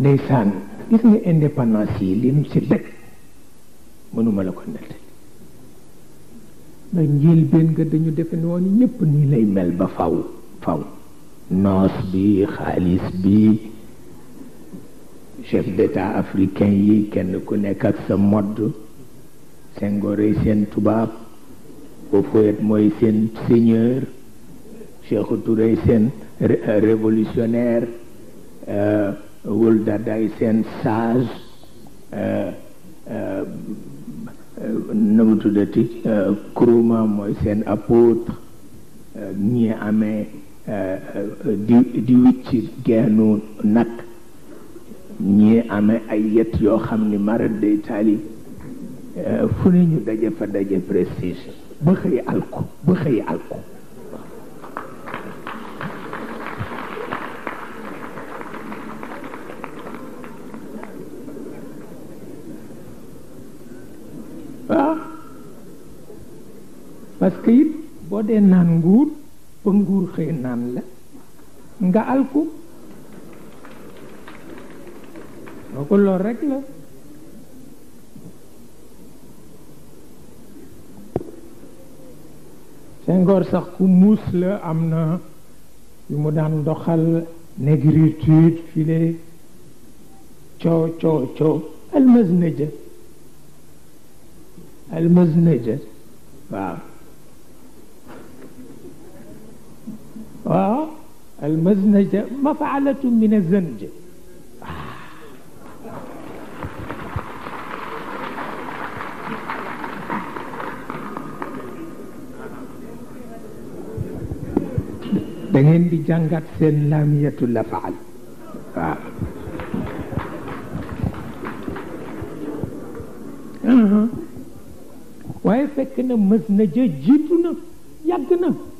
ndeysaan gis nga indépendance yi lim ci dëkk mënuma la ko nettali ndax njëlbéen nga dañu defe ne woon ñépp nii lay mel ba faw faw noos bi xaalis bi chef d'état africain yi kenn ku nekk ak sa modd Senghorey seen tubaab Houphouët mooy seen seigneur Sékou Touré seen révolutionnaire euh, wul dadaay seen saas euh, euh, nu mu tuddati euh, kuruma mooy seen apôtre ñi amee di di wicci geenu nag ñi amee ay yet yoo xam ni mara day taalib fu ne ñu daje fa daje prestige ba xëy alko ba xëy alko parce que it boo dee naan nguur ba nguur xëy naan la nga alku boo ko lool rek la Senghor sax ku muus la am na yu mu daan doxal négritude file coow coow coow almazneja almazneja waaw المزنجة مفعلة من الزنجة da ngeen di jàngat seen laamiyatu la faal waaw waaye fekk na mës na ja jiitu na yàgg na